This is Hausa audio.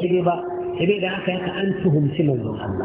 sai ba sai dai da aka yaka an tuhumci manzon Allah